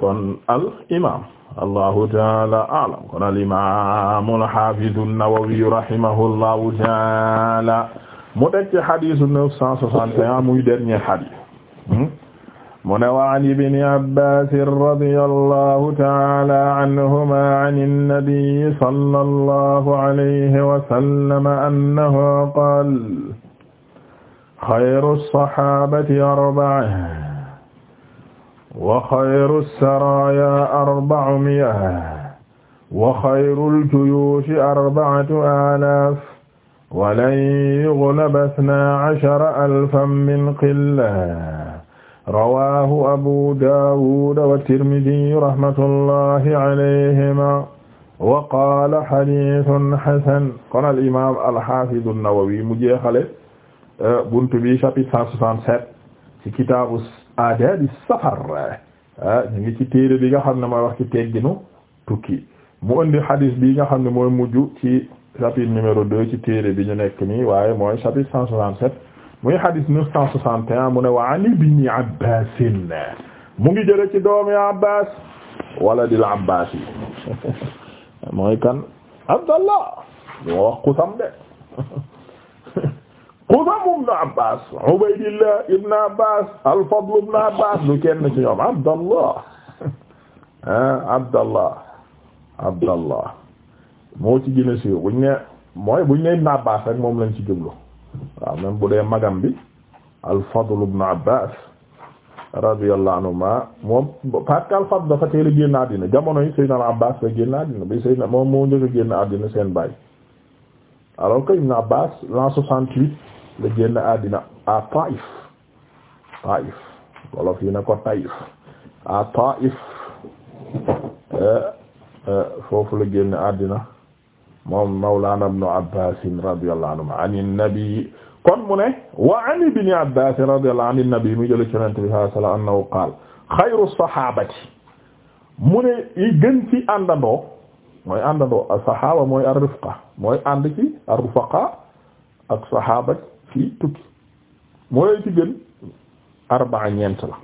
kon al imaam allahu taala alam kon al imaam al haafiz an-Nawawi rahimahullahu taala mu teg ci xadiisu neuf cent soixante et un muy dernier xadiis hmm? mu ne wa an ibni Abbaas radiyallahu taala anhumaa an an-nabi sallallahu alayhi wa sallam annahu qaala xayru as-sahaabati arba'a wa xayru saraya arba'u mi'a wa xayru ljuyuushi arba'atu alaaf walan yuglaba isnaa ashara alfan min qilla rawaahu abu daawuda wa tirmidiyu rahmatullahi alayhima wa qaala hadiisun hasan kon al imaam alxaafidu nawawi mu jeexale eh, buntu bi chapitre 167 ci kitaabu aadaabi safar ah, ñu ngi ci téere bi nga xam ne mooy wax ci tegginu tukki mu indi hadis bi nga xam ne mooy mujj ci chapitre numéro deux ci téere bi ñu nekk nii waaye mooy chapitre cent soixante-sept muy hadis neuf cent soixante et mu ne wa an ibni abbasin mu ngi jële ci doomi abbas wala dil abbas yi mooy kan abdallah ñoo wax kusam de Xuzam ibn Abbaas Ubaydillah ibn Abbaas al-Fadl ibn Abbaas du kenn ci ñoom Abdallah ah Abdallah Abdallah moo ci gën si siiw buñ ne mooy buñ ne ibn Abbaas rek moom lañ ci jublu waaw même bu dee magam bi al-Fadl ibn Abbaas radiyallahu anhuma moom parce que al-Fadl dafa teel a génn àddina jamono yi Seydina Abbaas la génn àddina bi Seydina moom moo njëkk a génn àddina seen baay alors que ibn Abbaas l'an 68 la génn àddina à Taif Taif wolof yi na ko Taif à Taif eh, eh, foofu la génn àddina moom mawlana ibn Abbas radiyallahu anhuma ani nabi kon mu ne wa an ibn Abbas radiyallahu anhu nabi mu jël ci Yonent bi sallallahu alayhi wa sallam annahu qaala xayru sahabati mu ne yi gën ci àndandoo mooy àndandoo as-sahaaba mooy ar-rifqa mooy ànd ci ar-rufaqa ak sahaaba fii tukki mooy ci gën arbaa ñeent la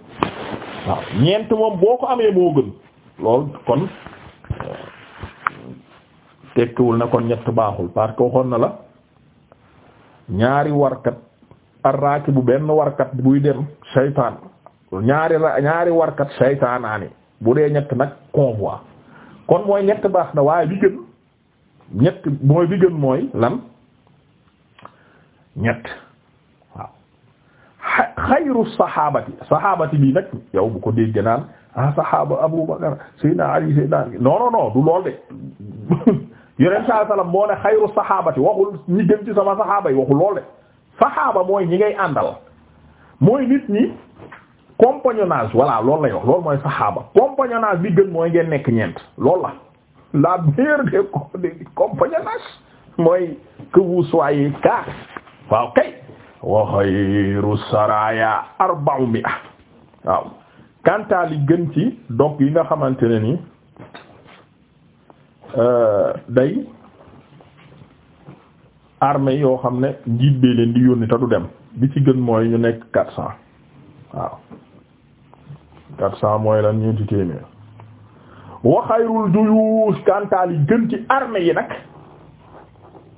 ñeent moom boo ko amee moo gën lool kon euh, tekkiwul na kon ñett baaxul parce que waxoon na la ñaari warkat arraaki bu benn warkat buy dem saytaan ñaari warkat saytaanaani bu dee ñett nag convoi kon mooy ñett baax na waaye bi gën ñett mooy bi gën mooy lan ñett waaw xayru saxaabati saxaabati bi nag yow bu ko dégg naan ah saxaaba Abu Bakar Seydina Ali Seydina non du lool de yeneen saa salaam moo ne xayru waxul ñi gën ci sama saxaaba yi waxul lool de saxaaba mooy ñi ngay àndal mooy nit ñi compagnonnage voilà loolu lay wax loolu mooy saxaaba compagnonnage bi gën mooy ngeen nekk ñeent loolu la la meilleure des compagnonnage mooy que vous soyez waaw kay wa xayru saraya arba'u mi'a waaw kantaa gën ci donc yi nga xamante ne ni euh, day armée yoo xam ne njiit bee leen di yónni te du dem bi ci gën mooy ñu nekk quatre cent waaw quatre cent mooy la ñeenti téeméer wa xayrul juyuus kantaa gën ci armée yi nag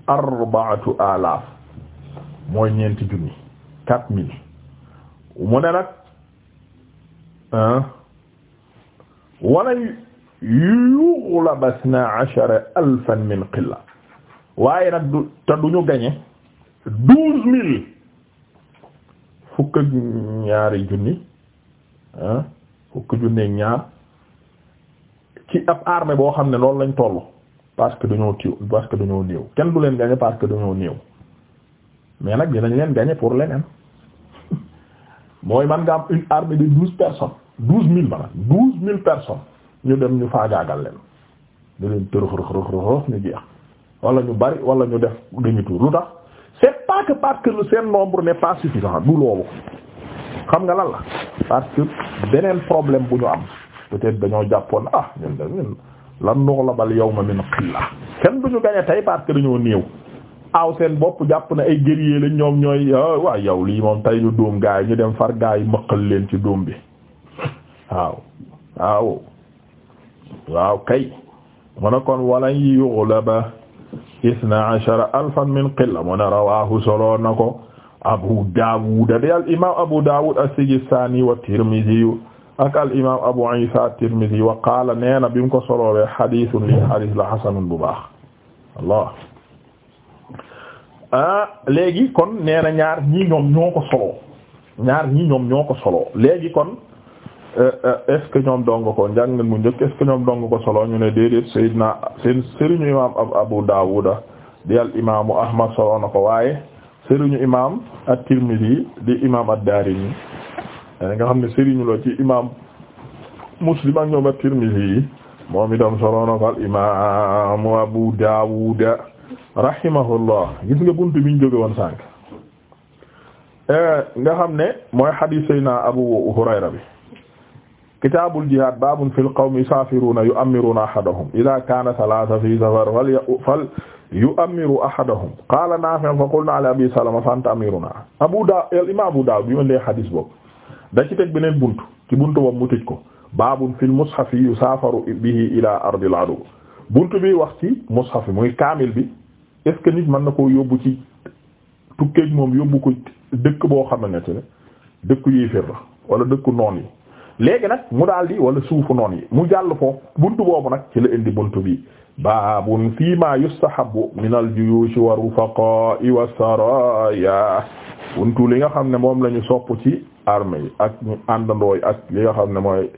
arba'atu alaaf mooy ñeenti junni quatre mille mu ne nag ah wala yughlab isna ashara alfan min qilla waaye nag du te du ñu gañe douze mille fukk ñaari junni fukk junni ñaar ci ab armée boo xam ne loolu lañ toll parce que dañoo tiw parce que dañoo néew kenn du leen gañe parce que dañoo néew mais nag dinañ leen gagner pour leneen mooy man nga am une armée de douze personnes douze mille maanaam douze mille personnes ñu dem ñu faagaagal leen ñu leen tërëx rëx rëx rëx ñu jeex wala ñu bari wala ñu def demi-tour lu tax c'est pas que parce que seen nombre n'est pas suffisant du loolu xam nga lan la parce que beneen problème bu ñu am peut-être dañoo jàppoon ah ñun de ñun lan noo la bal yow ma min xilla kenn bu ñu gañe tey parce que dañoo néew. aaw seen bopp jàpp na ay guerrier lañ ñoom ñooy ah, waaw yow lii moom tay ñu doom gaay ñu dem far gaay mëqal leen ci dóom bi waaw waaw kay mu ne kon walan yughlaba isna ashara alfan min qilla mu ne solo na ko abu daawud de al imam abu daawud as-sijistani abu isa at wa qaala neena bim ko solowe hadithun li hadith la hasanun bu baax Ah, léegi kon nee na ñaar ñii ñoom ñoo ko soloo ñaar ñii ñoom ñoo ko soloo léegi kon euh, euh, est ñoom dong ko njàng na mu njëkk est ñoom dong ko soloo ñu ne déedéet Seydina seen sëriñu imaam Abu Daawuda di al imaamu Ahmad soloo na ko waaye sëriñu imaam at-Tirmidhi di imaam ad-Daarimi xam ne sëriñu loo ci imaam Muslim ak ñoom at-Tirmidhi yi moom itam soloo na ko al imaamu Abu Daawuda rahimahullah gis nga buntu bi ñu jóge woon sànq eh, nga xam ne mooy xadiis sayna Abu Hurayra bi kitaabul jihaad baabun fil qawmi yusaafiruuna yu'ammiruuna ahadahum idaa kaana salaasa fii safar fal yu'ammiru ahadahum qaala Naafi' fa qulnaa li Abii Salama fa anta amiirunaa Abu Daawuud eh, imaam Abu Daawuud bi ma lee xadiis boobu da ci teg beneen buntu ci buntu boobu mu tëj ko baabun fil mushafi yusaafaru bihi ilaa ardil aduww buntu bi wax ci mushaf muy kaamil bi est-ce nit mën na koo yóbbu ci tukkeeg moom yóbbu ko dëkk boo xamante ne dëkk yéeféer la wala dëkku noon yi léegi nag mu daal di wala suufu noon yi mu jàll foofu buntu boobu nag ci la indi buntu bi baabun fii ma yustahabu min al juyushi wa rufaqa'i wa saraya buntu li nga xam ne moom la ñu sopp ci armée yi ak ñu àndandooy ak li nga xam ne mooy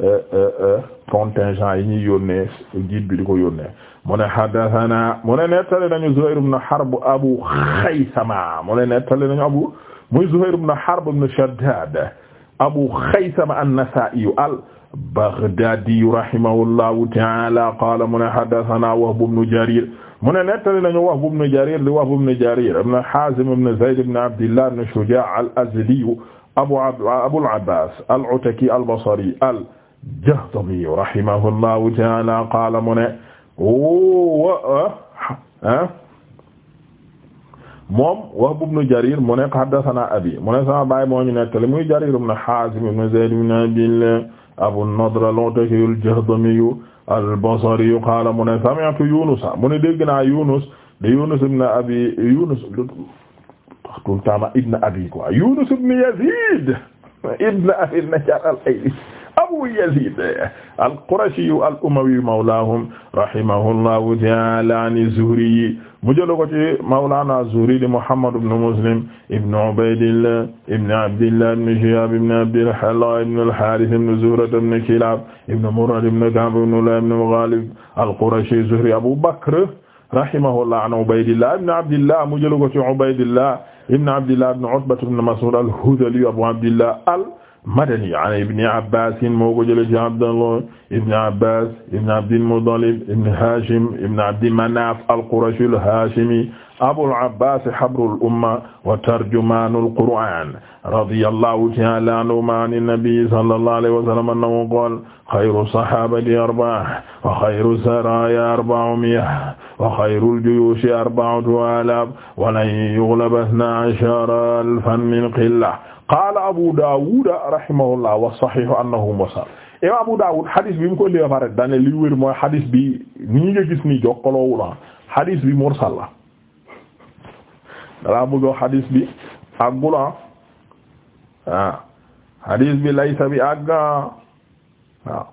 euh, euh, euh, contingent yi ñuy yónnee jiit bi di ko yónnee mu ne haddathana mu ne nettali nañu Zuhayr ibn Harb Abu Khaysama mu ne nettali nañu abu muy Zuhayr ibn Harb ibn Shaddad Abu Khaysama an-Nasa'i al-Baghdadi rahimahullahu ta'ala qala mu ne haddathana Wahb ibn Jarir mu ne nettali nañu Wahb ibn Jarir di Wahb ibn Jarir ibn Hazim ibn Zayd ibn Abdillah ibn Shuja' al-Azdi Abu Abul Abbas al-Ataki al-Basri al-Jahdami rahimahullahu ta'ala qala mu ne Oh, ah, ah. moom Wahb ibn Jarir mu ne haddathana abi mu ne sama baay moo ñu nettali muy Jarir ibn Hazim ibn Zayd ibn Abdillah Abu Nadr al-Ataki al-Jahdami al-Basri qala mu ne sami'tu Yunus mu ne dégg naa Yunus de Yunus ibn Abi Yunus taxtul tama ibn Abi quoi Yunus ibn Yazid ibn Abi Najjar al-Ayli abu yazid al-qurashiyu al-umawiyu mawlaahum rahimahullahu ta'ala an az-zuhriyi mu jël ko ci mawlaana zuhri di muhammad ibn muslim ibn ubaydillah ibn abdillah ibn shihab ibn abdillah ibn al-harith ibn zuhra ibn kilab ibn murrad ibn ka'b ibn lu'ay ibn ghalib al-qurashi zuhri abu bakr rahimahullah an Ubaydillah ibn Abdillah mu jëlu ko ci Ubaydillah ibn Abdillah ibn Utba ibn Mas'ud al-Hudhali Abu Abdillah al madani an ibni abbasin moo ko jële ci abdallah ibni abbas ibni abdilmudalib ibni hashim ibni abdi manaf alqurashi alhashimi abul abbas habrul umma wa tarjumanul qur'an radiyallahu ta'ala anhuma an nabi sallallahu alayhi wa sallam annahu qala khayru sahabati arba'atun wa khayru saraya arba'u mi'a wa khayru al-juyushi arba'atu alaf wa lan yughlaba isna ashara alfan min qillah qaala Abu Dawud rahimahullah wa sahihu annahu mursal imam Abu Dawud hadis bi mu ko liba pare dane li wér mooy hadis bi nii nga gis nii jokkaloowula ah, hadis bi mursal la dalaa bëggoo hadis bi àggulan ah hadis ah, bi laysa bi àgga ah. waaw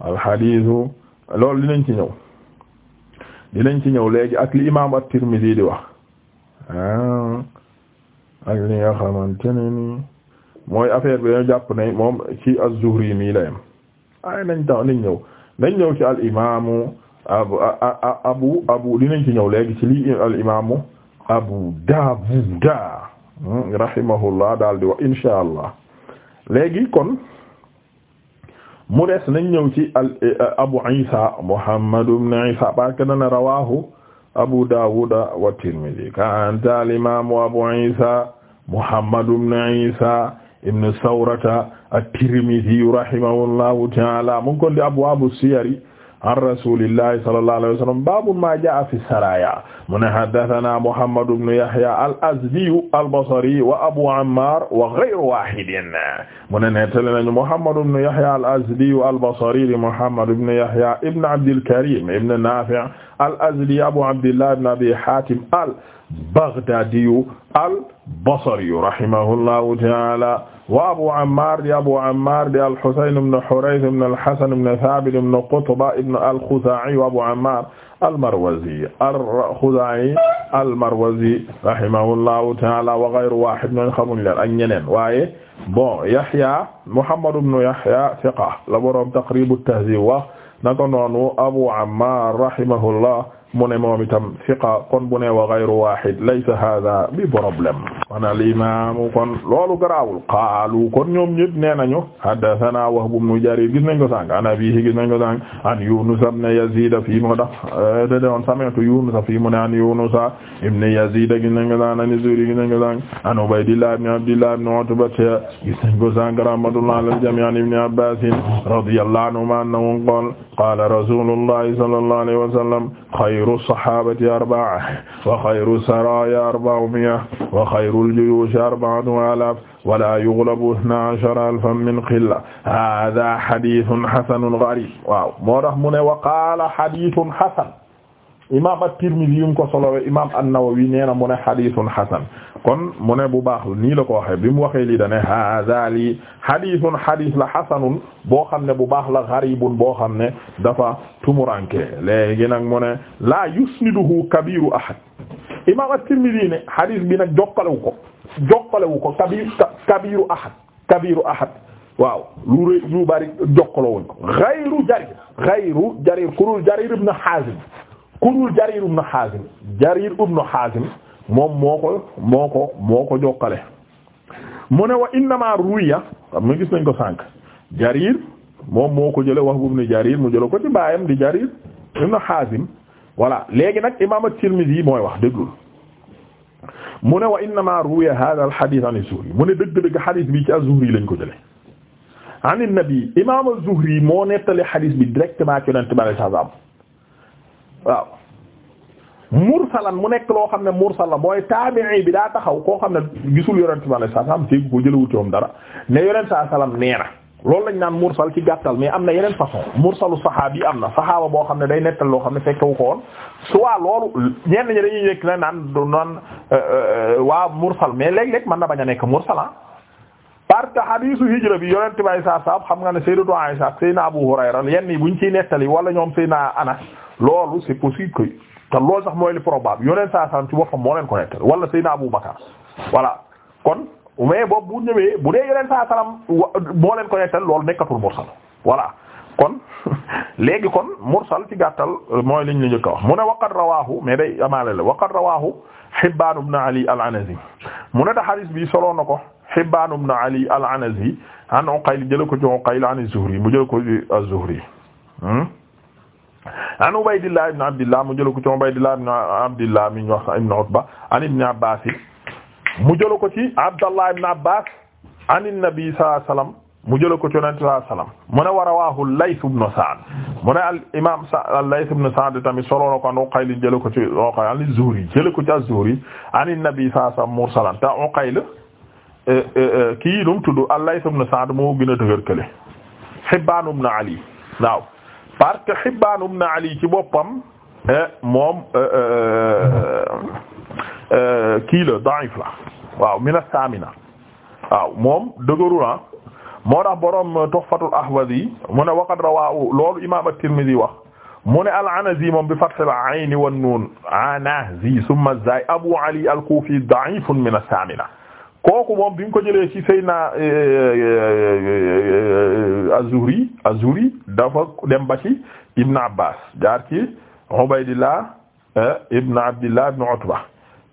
alhadisu loolu dinañ ci ñëw dinañ ci ñëw léegi ak li imam at-Tirmidhi di wax ak li nga xamante ne nii mooy affaire bi dañoo jàpp ne moom ci az-Zuhri mii la yem ay nañ tax nañ ñëw nañ ñëw ci al imaamu abu abu abu dinañ ci ñëw léegi ci lii al imaamu Abu Daawud hmm, rahimahullah daal di wax insha allah léegi kon mu des nañ ñëw ci al Abu Isa Muhammad ibn Isa parce dana rawahu Abu Dawud wa Tirmidhi kanta al-imam Abu Isa Muhammad ibn Isa ibn Sawrata at-Tirmidhi rahimahullahu ta'ala mu ngi ko di abwaabu siyari an rasulillahi sallallahu alayhi wa sallam babu ma jaa fi saraya mu ne haddathana Muhammad ibn Yahya al-Azdi al-Basri wa Abu Ammar wa ghayru wahidin mu ne nettali nañu Muhammad ibn Yahya al-Azdi al-Basri di Muhammad ibn Yahya ibn Abd al-Karim ibn Nafi' al-Azdi Abu Abdillah ibn Abi Hatim al-Baghdadi al-Basri rahimahullahu ta'ala wa Abu Ammar di Abu Ammar di al-Husayn ibn Hurayth ibn al-Hasan ibn Thabit ibn Qutba ibn al-Khuzaa'i wa Abu Ammar al-Marwazi al-Khuzaa'i al-Marwazi rahimahullahu ta'ala wa ghayru wahid min xamuñ leen ak ñeneen waaye bon Yahya Muhammad ibn Yahya thiqa la boroom Taqrib at-Tahdhib wa naka noonu Abu Ammar rahimahullah mu ne moom itam fiqa kon bu ne wa ghayru wahid laysa hadha bi problème kon al imaamu kon loolu garaawul qaalu kon ñoom ñëpp nee nañu haddathana Wahb ibn Jarir gis nañ ko sànq an abihi gis nañ ko sànq an Yunus ibn Yazid fii moo tax da eh, doon sami'tu Yunus fii mu ne an Yunus ibn Yazid gis nañ ko sànq an Zuhri gis nañ ko sànq an Ubaydillah ibn Abdillah ibn Utba gis nañ ko sànq rahmatullah alal jami' an ibn Abbas radiyallahu anhuma annahu qala qala rasulullah sallallahu alayhi wa sallam xayru saxaabati arba'a wa xayru saraaya arba'u mi'a wa xayrul juyuushi arba'atu alaaf wala yughlabu isnaa ashara alfan min qilla haaza xadiisun xasanun gariib waaw moo tax mu ne waqaala xadiisun xasan imam at-Tirmidhi yu ko solowe imam an-Nawawi nee na mu ne hadithun hasan kon mu ne bu baax nii la ko waxee bi mu waxee lii da ne hadha li hadithun la hasanun boo xam ne bu baax la gharibun boo xam ne dafa tumuranke léegi nag mu ne la yusniduhu kabiru ahad imam at-Tirmidhi ne hadith bi nag jokkalewu ko jokkalewu ko kabir kabiru ahad kabiru ahad waaw lu ko ghayru jarir ghayru jarir kurul jarir kudul Jarir ibn Hazim Jarir ibn Hazim moom moo ko moo ko moo ko jokkale mu ne wa innama ruya xam nga nañ ko sànq Jarir moom moo ko jële wax bu mu ne Jarir mu jële ko ci baayam di Jarir ibn Hazim voilà léegi nag imaam at-Tirmidhi mooy wax déglul mu ne wa innama ruya hadha al-hadith an az-Zuhri mu ne dëgg-dëgg hadith bi ci az-Zuhri lañ ko jële an an-Nabi imaam az-Zuhri moo nettali hadith bi directement ci Yonent bi sallallahu waaw mursalan mu nekk loo xam ne mursal la mooy taabi'i bi daa taxaw koo xam ne gisul yonent bi sallallahu alayhi wasallam dégg ko jëlawut yoom dara ne yonent sallallahu alayhi wasallam nee na loolu lañ naan mursal ci gàttal mais am na yeneen façon mursalu saxaab yi am na saxaaba boo xam ne day nettal loo xam ne fekkewu ko woon soit loolu ñenn ñi dañuy nekk na naan du naan euh, euh, waa mursal mais léeg-léeg mën na bañ a nekk mursal ah. parce que hadiisu hijra bi yonent bi sallallahu alayhi wasallam xam nga ne Sayyidatu Aisha Sayyidina Abu Hurayra yenn yi buñ ciy nettali wala ñoom Sayyidina ana loolu c'est possible que te loolu sax mooy li probable yoneen saa saam ci boppam moo leen ko nekk wala Seydina Abu Bakar voilà kon mais boobu bu ñëwee bu dee yoneen saa saam moo leen ko nekk loolu nekkatul mursal voilà kon léegi kon mursal ci gàttal mooy liñ la njëkk a wax mu ne waqad rawaahu mais day amaale la waqad rawaahu Hibbaan ibn Ali al-Anazi mu ne ta hadith bi solo na ko Hibbaan ibn Ali al-Anazi an Uqayl jëlee ko ci Uqayl an mu jëlee ko ci az-Zuhri hmm? an Ubaydillah ibn Abdillah mu jëla ko ci Ubaydillah ibn Abdillah mi ñu wax ibn Utba an ibn mu jëla ko ci Abdallah ibn Abbas an an-Nabi sallallahu mu jëla ko ci Yonent sallallahu alayhi wasallam mu ne wa rawahu al-Layth ibn Sa'd mu ne al-imam al-Layth ibn Sa'd tamit solo na ko an Uqayl jëla ko ci Uqayl an az ko ci az-Zuhri an an-Nabi sallallahu alayhi wasallam mursalan ta Uqayl eh, eh, eh, kii num tudd al-Layth ibn Sa'd moo gën a Hibbaan ibn Ali waaw parce que Hibbaan ibn Ali ci boppam eh, moom eh, eh, kii la da'if la waaw mina saamina waaw moom dëgëru na ah. moo tax borom Tuhfatul Ahwazi mu ne waqad rawaahu loolu imaam at-Tirmidhi wax mu ne al-Anazi moom bi fathil ayn wan nuun Anazi summa zaay Abu Ali al-Kufi da'ifun mina saamina kooku moom bi nga ko jëlee ci Seyna eh, eh, eh, Azuri Azuri dafa dem ba ci Ibn Abbas jaar ci Ubaydillah Ibn Abdillah Ibn Utba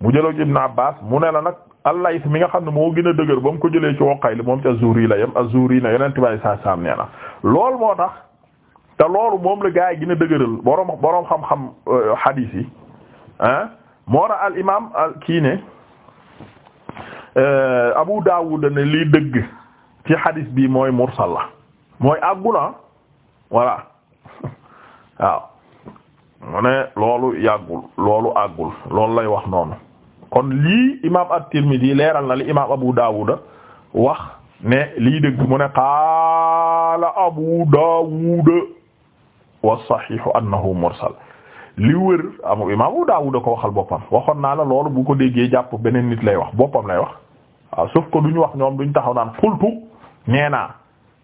mu jëloo ci Ibn Abbas mu ne la nag al-Layth mi nga xam ne moo gën a dëgër ba mu ko jëlee ci Uqayl moom ci Azuri la yem Azuri na yeneen tubaab yi saa saa nee na loolu moo tax te loolu moom la gaa yi gën a dëgëral borom borom xam-xam hadith yi ah moo tax al imaam al Euh, Abu Dawud ne liy dëgg ci hadis bi mooy mursal la mooy àgguna ah. voilà waaw mu ne loolu yàggul loolu àggul loolu lay wax noonu kon lii imaam at-Tirmidhi leeral na li imaam Abu Dawud wax ne liy dëgg mu ne qaala Abu Dawud wa sahihu annahu mursal li wër imaam Abu Daawud da ko waxal boppam waxoon naa la loolu bu ko déggee jàpp beneen nit lay wax boppam lay wax waaw ko que duñu wax ñoom duñ taxaw naan xultu nee naa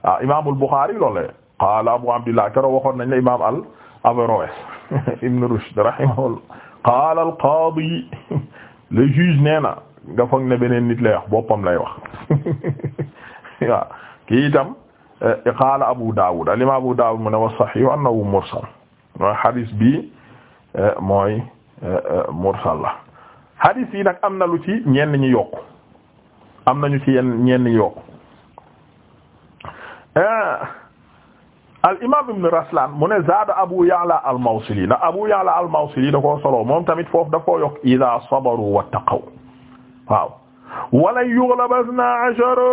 waaw imaamul Buxaari loolu la qaala Abu Abdillah keroog waxoon nañ la imaam al Averroès Ibn Rushd rahimahullah qaala al qaadi le juge nee na nga foog ne beneen nit lay wax boppam lay wax waaw kii itam eh, qaala Abu Daawud al imaam Abu Daawud mu ne wa sahiih annahu mursal mooy hadiis bi mooy eh, eh, mursal la hadith yi nag am na lu ci ñenn ñi yokk am nañu ci yenn ñi yokk eh, al imaam ibn Raslan mu ne zaada Abu Ya'la al Mawsili na Abu Ya'la al Mawsili da koo solo moom tamit foofu da koo yokk idaa sabaru wattaqaw waaw wala yughlabna ashara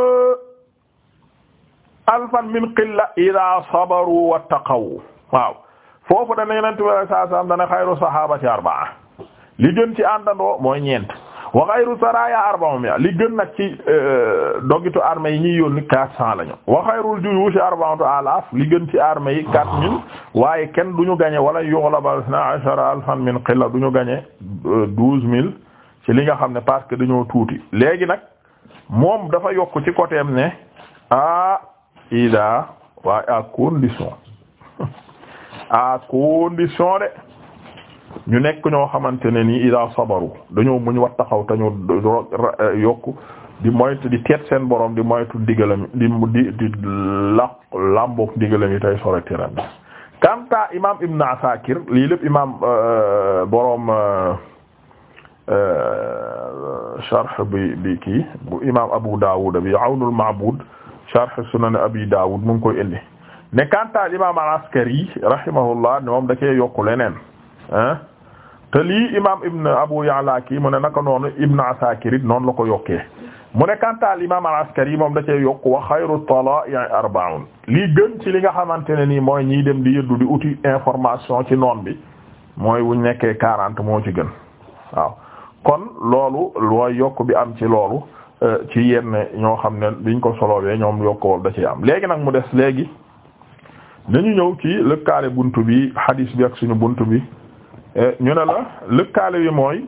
min qilla idaa sabaru wattaqaw foofu dana yonent bi saa saam dana xayru sahabati arbaa li gën ci àndandoo mooy ñeent wa xayru saraya arbaa mi li gën nag ci euh, dogitu armée yi ñuy yónni quatre lañu wa xayrul juyush arba'atu alaaf li gën ci armée yi quatre mille waaye kenn du ñu gañe wala yughlaba isna ashara alfan min qilla du ñu gañe euh, douze ci li nga xam ne parce que dañoo tuuti léegi nag moom dafa yokk ci côté ne ah ida waaye à condition à condition de ñu nekk ñoo xamante ne nii ida sabaru dañoo muñ wax taxaw te eh, yokk di moytu di teet seen boroom di moytu digalam di di di la làmbook digalam yi tey sore tiram bi kanta imam ibn asakir lii lépp imam eh, borom eh, sharh bi bi kii bu imam abu dawud bi awnul ma'bud sharh sunan abi dawud mu ngi koy indi ne kantaal imam al-Askari rahimahullah moom da cee yokku leneen te lii imam ibn Abu Ya'la kii mu ne naka noonu ibn Asakir noonu la ko yokkee mu ne kantaal imam al-Askari moom da yokk yokku wa xayru talaa'i arba'un lii gën ci li nga xamante ne nii mooy ñiy dem di yëddu di uti information ci noon bi mooy wuñ nekkee quarante moo ci gën waaw kon loolu looy yokk bi am ci loolu euh, ci yenn ñoo xam ne biñ ko solowee ñoom yokkuwol da ci am léegi nag mu des léegi dañu ñëw ci lëkkaale bunt bi hadis bi ak suñu bunt bi eh, ñu ne la lëkkaale bi mooy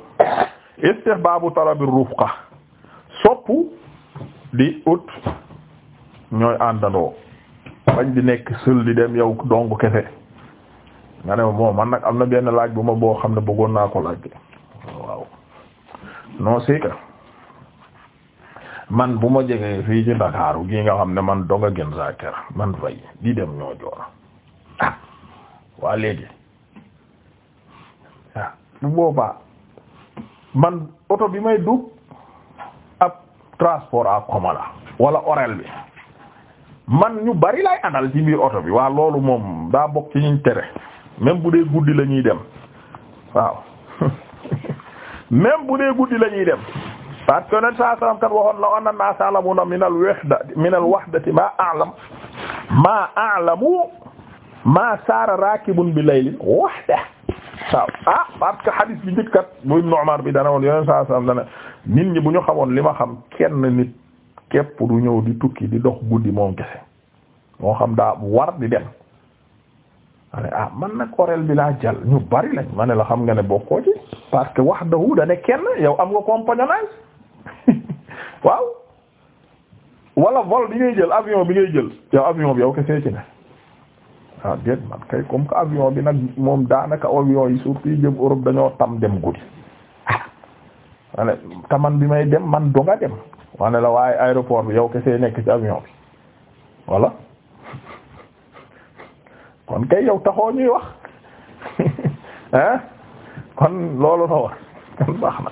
istihbaabu talabir rufqa soppu di ut ñooy àndandoo bañ di nekk sël di dem yow dong kese nga ne moom man nag am na benn laaj bu ma boo xam ne bëggoon naa ko laaj waaw non c'est man bu ma jegee fii ci Ndakaaru gi nga xam ne man dong a gën saa ker man fay di dem ñoo joor ah waa léegi ah boobaa man oto bi may dugg ab transport ak commun la wala orel bi man ñu bari lay àndal ci biir oto bi waa loolu moom daa bokk ci ñu tere même bu dee guddi la ñuy dem waaw même bu dee guddi lañuy dem parce que nen saa salaam kat min al-wahda min al-wahdati maa a'lam maa a'lamu maa saara raakibun bi laylin wahda waaw ah parce que hadis bi njëkk kat bu Ibnu bi dana woon yeneen saa salaam dana nit ñi bu ñu xamoon li ma xam kenn nit képp du ñëw di tukki di dox guddi moom kese moo xam daa war di dem. ah man nag orel bi laa jàll ñu bari lañ ma ne la xam nga ne bokkoo ci parce que wahdahu da ne kenn yow am nga compagnonnage waaw wala vol bi ngay jël avion bi ngay jël yow avion bi yow kese ci ne waaw ah, déet man kay comme que avion bi nag moom daanaka avion yi surtout yi jëm Europe dañoo tam dem guddi ah taman bi may dem man donga dem wane la waaye aéroport bi yow kese nekk ci avion bi voilà kon kay yow taxoo ñuy wax ah kon loolu la war baax na.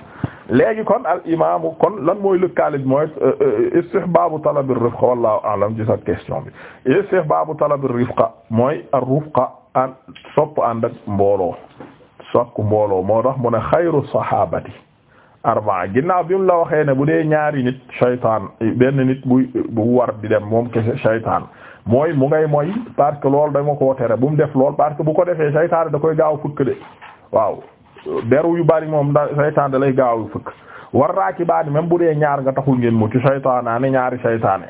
léegi kon al imaamu kon lan mooy lëkkaale mooy euh, euh, istihbaabu talabi rifqa wallahu a'lam ci sa question bi istihbaabu talabi rifqa mooy ar-rifqa an sopp ànd ak mbooloo sopp mbooloo moo tax mu ne xayru sahabati arbaa ginnaaw bi mu la waxee ne bu dee ñaari nit shaytaan benn nit bu bu war di dem moom kese shaytaan mooy mu ngay mooy parce que loolu dama koo tere bu mu def lool parce que bu ko defee shaytaan da koy gaaw fëkk de waaw deru yu bari moom da saytaan da lay gaaw fëkk war raaki baani même bu dee ñaar nga taxul ngeen mucc saytaanaane ñaari saytaane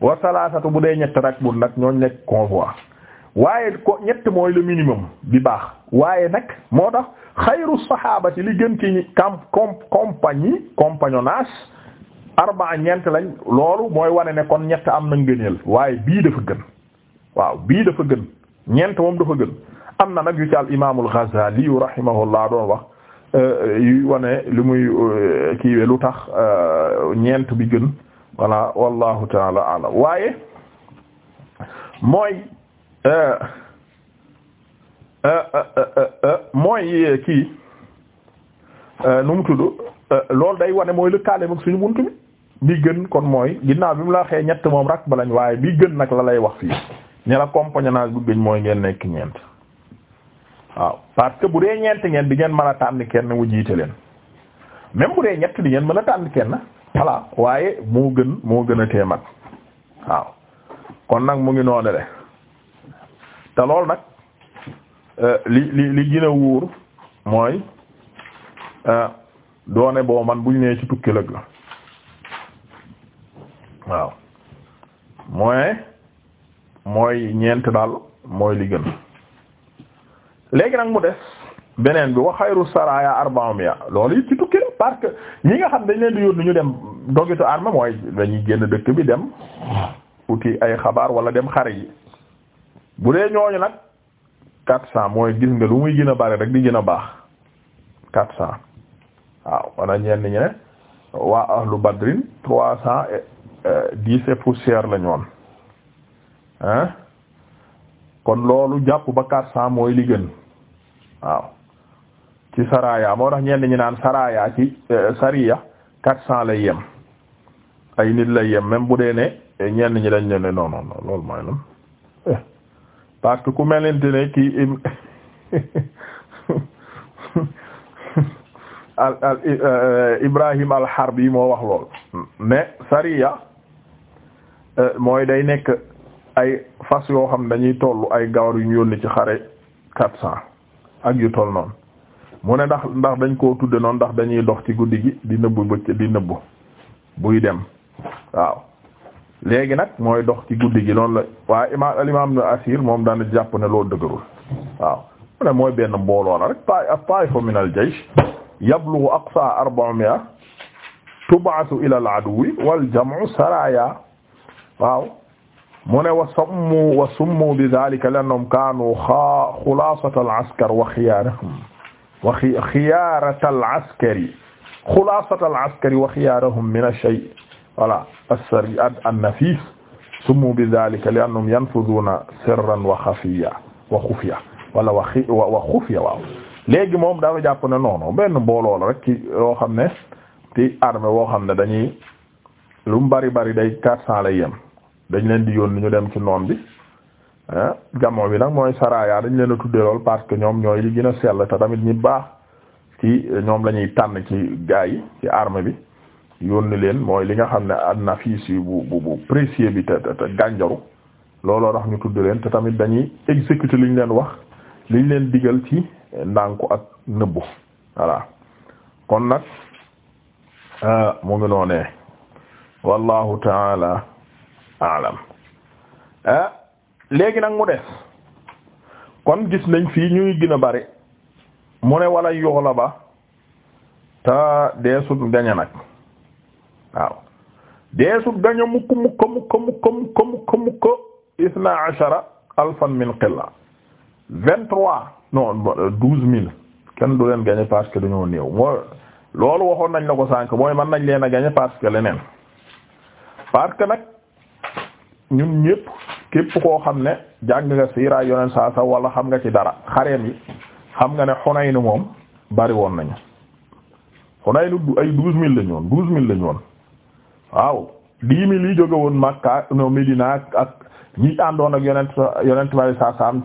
war salaasatu bu dee ñett rek bu nag ñooñ nekk convoi waaye ko ñett mooy le minimum bi baax waaye nag moo tax xayru saxaabati li gën ci camp com compagnie compagnonnage arba ñeent lañ loolu mooy wane ne kon ñett am na ngëneel waaye bii dafa gën waaw bii dafa gën ñeent moom dafa gën. am na nag yu ci al imaamul Ghazali rahimahullah doon wax euh, yu wane lu muy euh, kii lu tax euh, ñeent bi gën voilà wallahu taala alam waaye mooy mooy kii nu mu tudd lool day wane mooy lëkkaale mag suñu buntu bi bi gën kon mooy ginnaaw bi mu la waxee ñett moom rak balañ waaye bi gën nag la lay wax fii ñe la naa bu gën mooy ngeen nekk ñeent waaw parce que bu dee ñeent ngeen di ngeen man a tànn kenn mu jiite leen même bu dee ñett di ngeen mën a tànn kenn voilà waaye moo gën moo gën a tee mag waaw kon nag mu ngi noonu de te loolu nag euh, li li li gën a mooy euh, doone boo man buñ nee ci tukki lëg la waaw mooy mooy ñeent daal mooy li gën léegi nag mu des beneen bi wa xayru saraya arba'u mi'a loolu it ci tukki la parce que ñi nga xam dañ leen di yónni ñu dem dogitu arme mooy dañuy génn dëkk bi dem uti ay xabaar wala dem xare yi bu dee ñooñu nag quatre cent mooy gis nga lu muy gën a bari rek di gën a baax quatre cent waaw wana ñenn ñi ne waa ahlu badrin trois cent dix et poussière la ñoon kon loolu jàpp ba quatre cent mooy li gën waaw ci saraya moo tax ñenn ñi naan saraya ci eh, sariya quatre cents lay yem ay nit lay yem même bu dee ne eh, ñenn ñi dañ ne ne non non loolu mooy lan eh. parce que ku melente ne ki al al Ibrahim al moo wax lool mais sariya mooy day nekk ay fas yoo xam dañuy tollu ay gawar yu ñu yónni ci xare quatre cents ak yu toll noonu mu ne ndax ndax dañ koo tudde noonu ndax dañuy dox ci guddi gi di nëbbu bëcc di nëbbu buy dem waaw léegi nag mooy dox ci guddi gi loolu la waaye imaam al imaam asir moom daana jàpp ne loolu dëgërul waaw mu ne mooy benn mbooloo la rek taay taifa min al jaysh yablughu aqsa arba'a ila al aduwwi wal jam'u saraya waaw mu ne wa sammu wa summu bi zaalika lannahum kaanu xulaasata al-askar wa xiyaarahum wa xiyaarata al-askari xulaasata al-askari wa xiyaarahum bi zaalika lannahum yanfuduuna wa xafiya wa wala wa moom dafa jàpp ne noonu benn mbooloo la rek ci xam ne ci armée boo xam ne dañuy lu bari bari day quatre dañu leen di yónni ñu dem ci noon bi ah bi nag mooy saraya dañ leen a tuddee lool parce que ñoom ñooy li gën a sell te tamit ñi baax ci ñoom lañuy tànn ci gaa yi ci arme bi yónni leen mooy li nga xam ne am na fii si bu bu bu précieux bi te te gànjaru looloo tax ñu tudd leen te tamit dañuy exécuter liñ leen wax liñ leen digal ci ndànku ak nëbbu voilà kon nag ah, mu ngi noonee wallahu taala alam eh, léegi nag mu des kon gis nañ fii ñuy gën a bari mu ne wala yoxla ba te deesut gaña nag waaw deesut gaña mukk mukk mukk mukk mukk mukk mukk isna ashara alfan min qilla vingt trois non douze mille kenn du leen gañe parce que dañoo néew moo loolu waxoon nañ la ko sànk mooy mën nañ leen a gañe parce que leneen parce nag ñun ñëpp képp koo xam ne jàng nga siiraay yoneen saa sa wala xam nga ci dara xareem yi xam nga ne Hunayn moom bari woon nañu Hunayn du ay douze mille lañu woon douze mille lañu woon waaw dix mille yi jóge woon Makka no Medina ak ñi àndoon ak yonent yonent bari saa sa am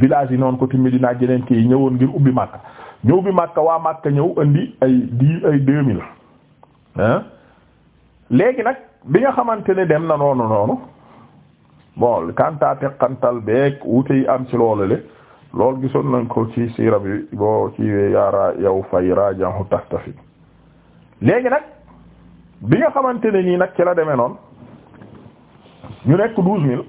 village yi noonu ko ti Medina ak yeneen kii ñëwoon ngir ubbi Makka ñëw ubbi Makka waa Makka ñëw indi ay dix ay deux mille hein léegi nag bi nga xamante ne dem na noonu noonu bon kanta teqantal beeg wute yi am ci loolu le loolu gisoon nañ ko ci siira bi boo ci yaara yow fay rajanhu taxtafi léegi nag bi nga xamante ne nii nag ci la demee noon ñu nekk douze mille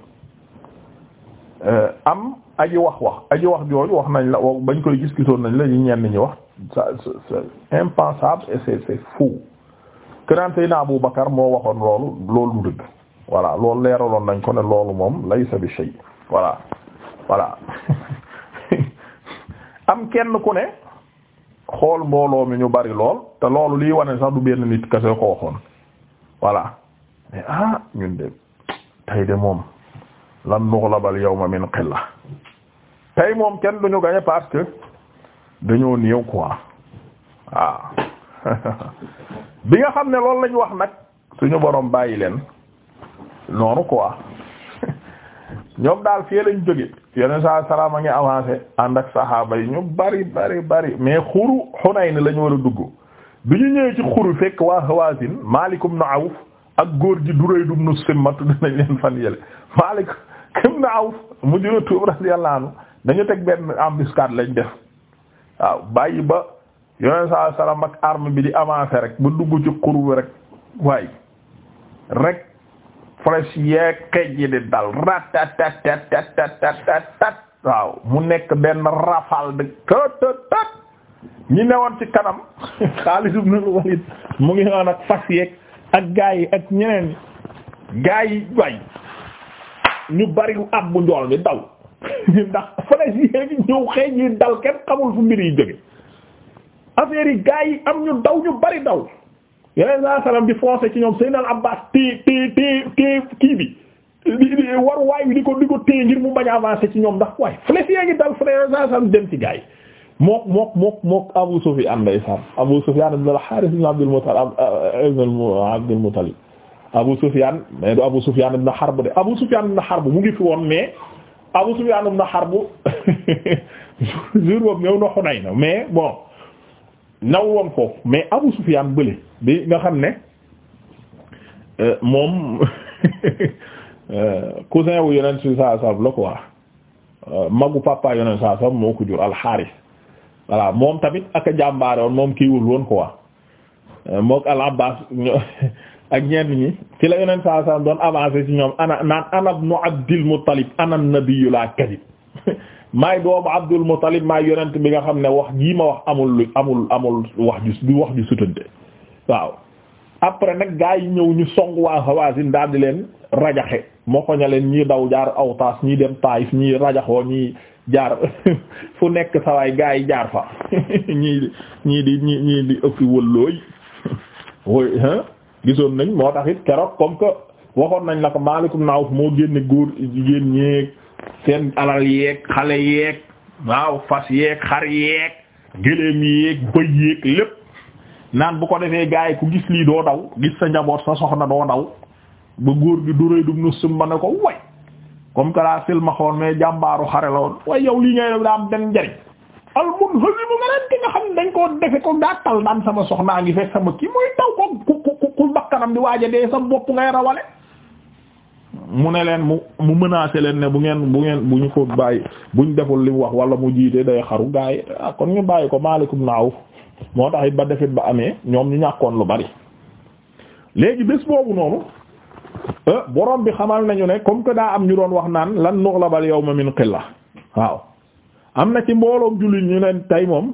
euh, am aji wax wax aji wax jooju wax nañ la bañ koy gis gisoon nañ la ñu ñenn ñi wax ça et c'est c'est fou kenaan na Abu moo waxoon loolu loolu du dëgg voilà leeraloon nañ ko ne loolu moom laysa bi shay voilà voilà am kenn ku ne xool mbooloo mi ñu bari lool te loolu liy wane sax du benn nit kese ko waxoon voilà mais ah ñun de tey de moom lan nughlabal yawma min qilla tey moom kenn duñu gañe parce que dañoo néew quoi waaw ah. bi nga xam ne loolu lañu wax nag suñu boroom bàyyi leen noonu quoi ñoom daal fii lañ jóge yeneen sa salaam a ngi avancé ànd ak saxaaba yi ñu bari bari bari mais xuru Hunayn lañu war a dugg bi ñu ñëwee ci xuru fekk waa Hawazin Malik ibn Awf ak góor ji Durayd ibn Simmat dinañ leen fan yele Malik ibn Awf mu jëla tuub radiyallahu anhu dañu teg benn embuscade lañ def waaw bàyyi ba yoneen saa salaam ak arme bi di avancé rek bu dugg ci xur bi rek waaye rek flèche yeeg xeej yi di dal ratatatatatatatat waaw mu nekk benn rafal de tatatat ñi newoon ci kanam Xaalid ibn Walid mu ngi noon ak fas yeeg ak gaa yi ak ñeneen gaa yi waay ñu bari ab bu njool mi daw ndax flèche yeeg ñëw xeej yi dal kenn xamul fu mbir yi jóge affaire yi gars yi am ñu daw ñu bari daw yeneen saa bi di foncé ci ñoom Seydina Abbas téye téye téye téye kii bi war waay bi di ko di ko téye mu bañ a avancé ci ñoom ndax waaye flèche yaa ngi dal yeneen saa salaam dem ci gars yi mook mook mook mook Abu Sufyan ndeysaan Abu Sufyan ibn al-Harith ibn Abdul Muttalib eh, Abdul Muttalib Abu Sufyan mais du Abu Sufyan ibn Harb de Abu Sufyan ibn Harb mu ngi fi woon mais Abu Sufyan ibn Harb jour boobu ñëw na Hunayn mais bon. naw woon ko mais Abu Sufyaan bële bi nga xam ne euh, moom euh, cousin wu yeneen si saa saaf la quoi euh, magu papa yeneen saa saaf moo ko jur alxaaris voilà moom tamit ak a jàmbaare woon moom kiiwul woon quoi mook al Abbaas ak ñeen ñi ci la yeneen saa saaf doon avancé ci ñoom ana naan ana ibnu Abdil Muttalib ana nabiyyu laa kadib maay doomu Abdul Muttalib maay yonent bi nga xam ne wax jii ma wax amul lu amul amul wax ju du wax ju sutante waaw après nag gaa yi ñëw ñu song waa Hawazin daal di leen rajaxe moo ko leen ñii daw jaar Awtaas ñii dem Taayif ñii rajaxoo ñii jaar fu nekk sawaay gaa yi jaar fa ñii ñii di ñii ñii di ëpp wëllooy woy gisoon nañ moo tax it keroog comme que waxoon nañ la ko Maalik ibn Awf moo génne góor jigéen ñeeg seen alal yeeg xale yeeg waaw fas yeeg xar yeeg gëléem yeeg bëy yeeg lépp naan bu ko defee gars yi ku gis lii doo daw gis sa njaboot sa soxna doo daw ba góor gi du rëy du nu sumba ne ko way comme que laa silmaxoon mais jàmbaaru xare la woon way yow lii ngay daa am benn njariñ almun hëli mu nga naan nga xam dañ koo defe ko gàttal naan sama soxnaa ngi fekk sama kii mooy daw ko ku ku ku bakkanam di waaja dee sa bopp ngay rawale mu ne leen mu mu menacé leen ne bu ngeen bu ngeen bu ñu ko bàyyi buñ deful li mu wax wala mu jiite day xaru gaa yi ah kon ñu bàyyi ko maalikum naaw moo tax it ba defit ba amee ñoom ñu ñàkkoon lu bari léegi bés boobu noonu eh, borom bi xamal nañu ne comme que daa am ñu doon wax naan lan la bal yow ma min qilla waaw am na ci mbooloom jullit ñu ne tey moom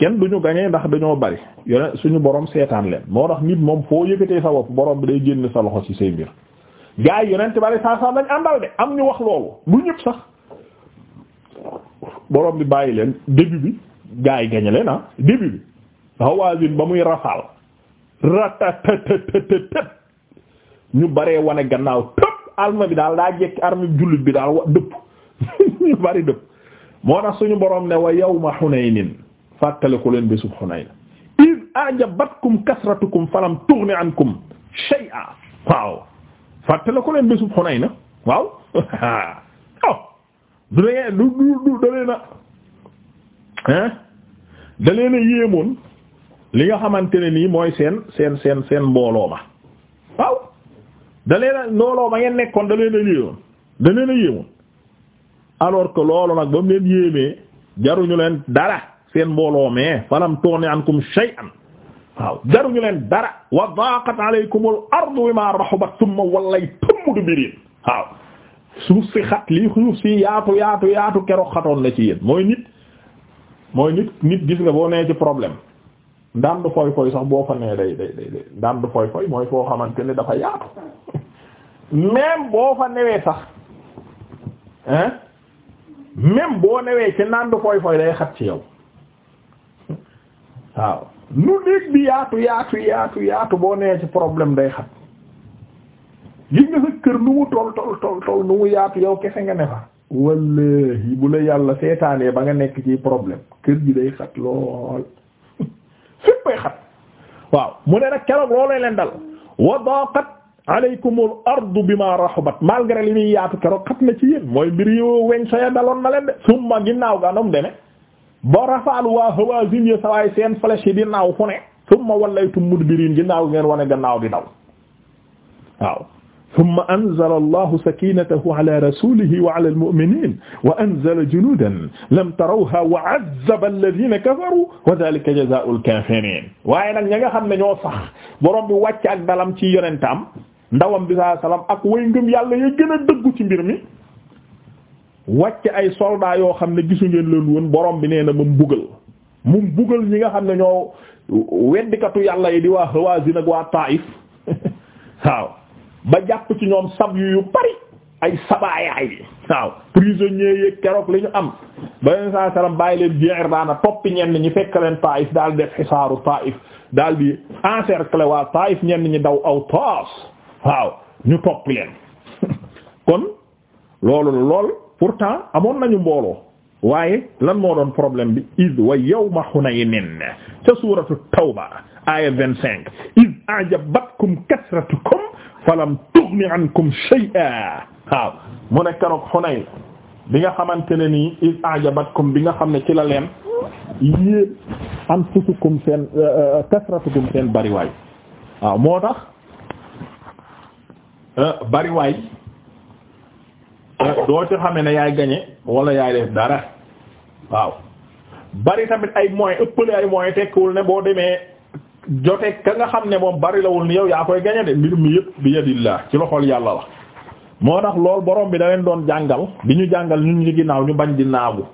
kenn du ñu gañee ndax dañoo bari yone suñu boroom seetaan leen moo tax nit moom foo yëkkatee sa bopp boroom bi day génn sa loxo ci say mbir gars yi yonent bari saa saa lañ àndal de am ñu wax loolu bu ñëpp sax boroom bi bàyyi leen début bi gars yi gañe ah. muy rafaal baree wane gannaaw tëpp daal daa jekki bi jullit bi daal ñu bari dëpp moo tax suñu boroom ne wa yawma Hunaynin ko leen bésub Hunayn iz ajabatkum kasratukum falam tughni ankum shay'a waaw fàttaliku leen bésub Hunayn waaw waaw oh. du dangeen du du du dalee na yéemoon li nga xamante ne nii mooy seen seen seen seen mbooloo ma waaw dalee mbooloo ma ngeen nekkoon dalee na yéemoon dalee na yéemoon alors que loolu nag ba mu leen yéemee jaruñu leen dara seen mbooloo mee falam tughni ankum shay'an waaw jaruñu leen dara wa daqat alaykumul ardu bima rahabat thumma wallaytum mudbirin waaw suuf si xat lii suuf si yaatu yaatu yaatu keroog xatoon na ci yéen mooy nit mooy nit nit gis nga boo nee ci problème ndaan du foy foy sax boo fa nee day day day du foy foy mooy foo xamante ne dafa yaatu même boo fa newee sax hein même boo newee ci ndaan du foy foy day xat ci yow waaw nu néeg bi yaatu yaatu yaatu yaatu boo nee ci problème day xat gis nga sa kër nu mu tol tol tol tol nu mu yaatu yow kese nga ne fa wallahi bu la yàlla seetaanee ba nga nekk ci problème kër gi day xat lool féppay xat waaw mu ne nag keroog loolay leen dal wa daqat alaykumul ardu bima rahabat malgré li muy yaatu keroog xat na ci yéen mooy mbir yu weñ soya daloon na leen de summa ginnaaw ga nom deme ba rafaal waa Hawaazin ya sawaay seen flèche yi di naaw fu ne summa wallaytum mudbirin ginnaaw ngeen wane gannaaw di daw waaw summa anzala allahu sakinatahu ala rasulihi wa ala almu'minin wa anzala junudan lam tarawha wa azzaba alladhina kafaru wa dhalika jazaa'u alkafirin waaye nag ña nga xam ne ñoo sax borom bi wàcc ak dalam ci yonentam ndawam bi sallallahu alayhi wasallam ak way ngëm yàlla ya gën a dëggu ci mbir mi wàcc ay soldats yoo xam ne gisu ngeen leen woon boroom bi nee ma mu mbugal mu mbugal ñi nga xam ne ñoo weddikatu yàlla yi di waa Hawazin ak waa Taif waaw ba jàpp ci ñoom sab yu yu bari ay sabaayaay yi waaw prisonniers yeeg keroog li ñu am ba leen saa saram bàyyi leen Ji'irraana toppi ñenn ñi fekk leen Taif daal def xisaaru Taif daal di encercler waa Taif ñenn ñi daw aw taas waaw ñu topp leen kon loolu lool pourtant amoon nañu mbooloo waaye lan moo doon problème bi id wa yawma Hunayn ca suuratu tawba aya vingt-cinq id a'jabatkum kasratukum falam tughni ankum shay'a waaw mu ne keroog Hunayn bi nga xamante ne nii id a'jabatkum bi nga xam ne ci la leen yéen anfusukum seen euh, euh, euh, kasratukum seen bariwaay waaw moo tax bariwaay Euh, doo ci xamee ne yaay gañe wala yaay def dara waaw bari tamit ay moyens ëppale ay moyens tekkiwul ne boo demee jote ka nga xam ne moom bari lawul ni yow yaa koy gañe de mbir mi yëpp bi yadillah ci loxol yàlla la moo tax lool borom bi daleen doon jàngal bi ñu jàngal ñun ñu ginnaaw ñu bañ di naagu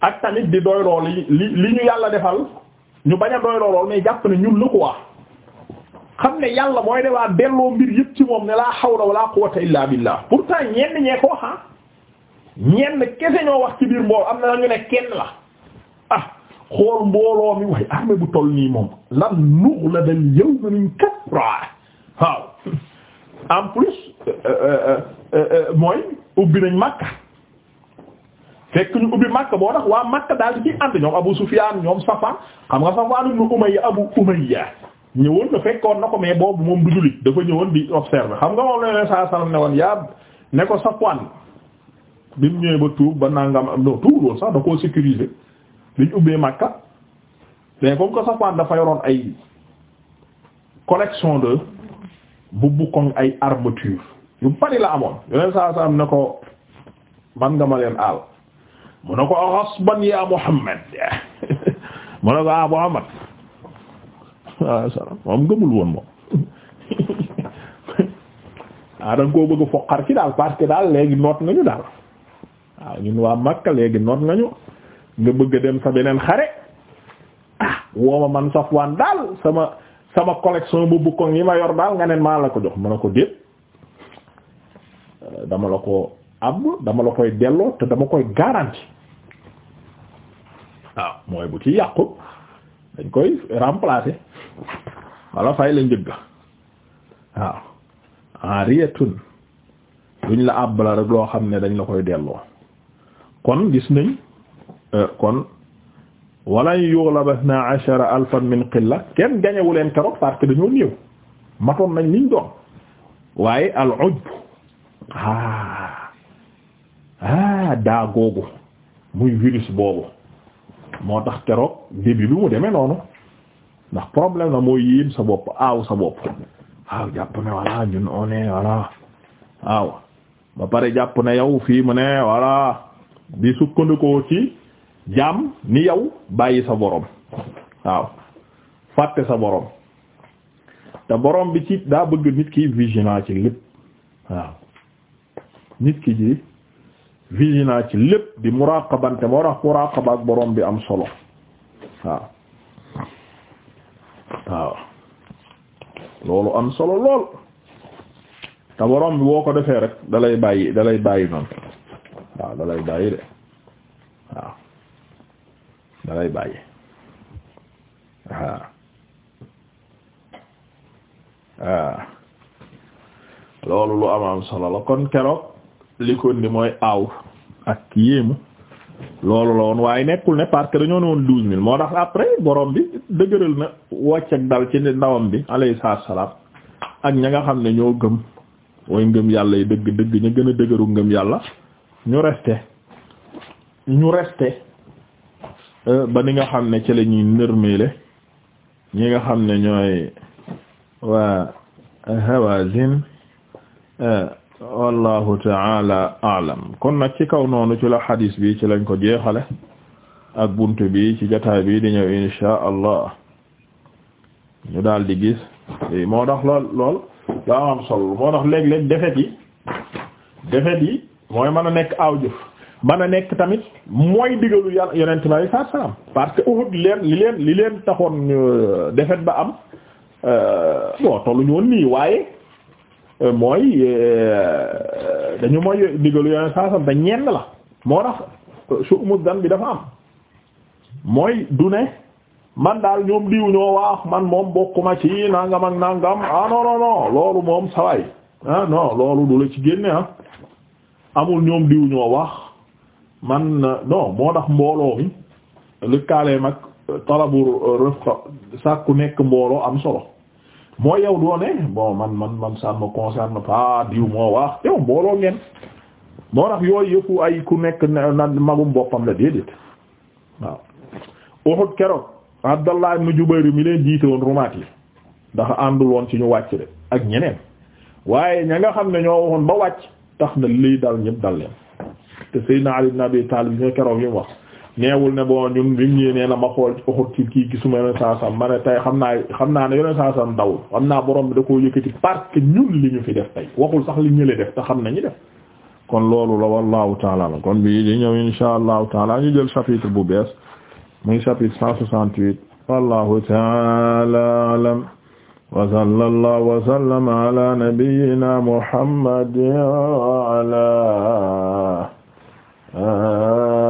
ak tamit di doyloo li li ñu yàlla defal ñu bañ a doyloo lool mais jàpp ne ñun lu ko xam ne yàlla mooy dewaa delloo mbir yëpp ci moom ne laa hawla wala quwwata illa billah pourtant ñenn ñee ko ha ah. ñenn kese ñoo wax ci mbool am na ñu ne kenn la ah xool mbooloo mi waaye bu toll nii moom lan nughlada al-yawma min kasra waaw en plus euh, euh, euh, mooy ubbi nañ Makka fekk ñu ubbi Makka boo tax waa Makka daal di ci ànd ñoom Abu Sufyaan ñoom Safwan xam nga Safwan ibn Umayya Abu Umayya ñëwoon na fekkoon na ko mais boobu moom du jullit dafa ñëwoon di observer xam nga moom la yeneen saa salaam ne woon yaa ne ko Safwan bi ñëwee ba tuub ba nangam am na tuub sax da koo sécuriser liñ ubbee Makka mais comme que Safwan dafa yoroon ay collection de bu bukkoon ay armature yu bari la amoon yeneen saa ne ko man nga ma leen aal mu ne ko xasban ya Muhammad mu ne ko ah Muhammad waaw salaam moom gëmul woon moom ah da koo bëgg foqar ci daal parce que daal léegi noot nañu daal waaw ah, ñun waa Makka léegi noot nañu nga bëgg a dem sa beneen xare ah wooma man Safwaan daal sama sama collection bu bukkoŋ yi ma yor daal nga ne maa la ko jox mën a ko déet dama la ko ab dama la koy delloo te dama koy garanti waaw ah, mooy bu ci yàqu. dañ koy remplacer wala fay la njëgg waaw ariyatun duñ la àbb la rek loo xam ne dañ la koy delloo kon gis nañ euh, kon walan yughlab isna ashara alfan min qilla kenn gañewu leen keroog parce dañoo néew matoon nañ liñ doon waaye al ujb ah. ah, daa googu muy virus boobu moo tax keroog début bi mu demee noonu ndax problème la mooy yéem sa bopp aaw sa bopp waaw jàpp ne voilà ñun on est waaw ba pare jàpp ne yow fii mu ne voilà di sukkandikoo ci jaam ni yow bàyyi sa borom waaw fàtte sa borom te boroom bi ci daa bëgg nit ki vigilant ci lépp waaw nit ki ji vigilant ci lépp di muraqabante moo tax muraqaba ak borom bi am solo waaw waaw loolu am solo lool te borom bi boo ko defee rek dalay bàyyi dalay bàyyi noonu waaw dalay bàyyi de waaw dalay bàyyi waaw waaw loolu lu am am solo la kon keroog li ko indi mooy aaw ak yéemu loolu la woon waaye nekkul ne parce que dañoo ne woon douze mille moo tax après borom bi dëgëral na wàcc ak dal ci ndawam bi alayhi salaam ak ña nga xam ne ñoo gëm way ngëm yàlla yi dëgg dëgg ñu gën a dëgëru ngëm yàlla ñu resté ñu resté euh, ba ni nga xam ne ci la ñuy nërmeele ñi nga xam ne ñooy waa Hawazin euh, wallahu taala aalam kon nag ci kaw noonu ci la xadis bi ci lañ ko jeexale ak bunt bi ci jataay bi di ñëw insha allah ñu daal di gis moo tax lool lool daa am solo moo tax léeg-léeg defet yi defet yi mooy mën a nekk aw jëf mën a nekk tamit mooy digalu yàlla yonent bi alayhi salaam parce que Uhud leen li leen li leen taxoon euh, defet ba am euh, bon tolluñu woon nii waaye Euh, mooy euh, dañu moy ndigalu yoneen saasam te ñenn la moo tax euh, su umu dan bi dafa am mooy du ne man daal ñoom diw ñoo waax man moom bokkuma ci nangam ak nangam ah non non non loolu moom saway ah non loolu du la ci génne ah amul ñoom diw ñoo wax man no moo tax mbooloo mi lëkkaaleem ak talabu rëfqa sàkku nekk mbooloo am solo moo yow doo bon man man man ça me concerne pas diw moo wax yow mbooloo ngeen moo tax yooyu yëpp ay ku nekk na magum boppam la déedéet waaw. Uhud keroog Abdallah ibn Jubayr mi leen jiite woon rumaat yi ndax àndul woon ci ñu wàcc de ak ñeneen waaye ña nga xam ne ñoo waxoon ba wàcc tax na lii dal ñëpp dal leen te Seydina Ali ibn Abi Talib ñooy keroog yi mu wax. neewul ne bon ñun bi mu ñëwee nee na ma xool ci ci kii gisuma yeneen saa sam ma ne xam naa xam naa ne yeneen saa sam dawul xam naa borom bi da koo yëkkati parce ñun li ñu fi def tey waxul sax li ñële def te xam nañu def kon loolu la wallahu taala la kon bii di ñëw insha allahu taala ñu jël chapitre bu bees muy chapitre cent soixante-huit wallahu taala alam wa sallallahu wa sallama ala nabiyyina muhammadin wa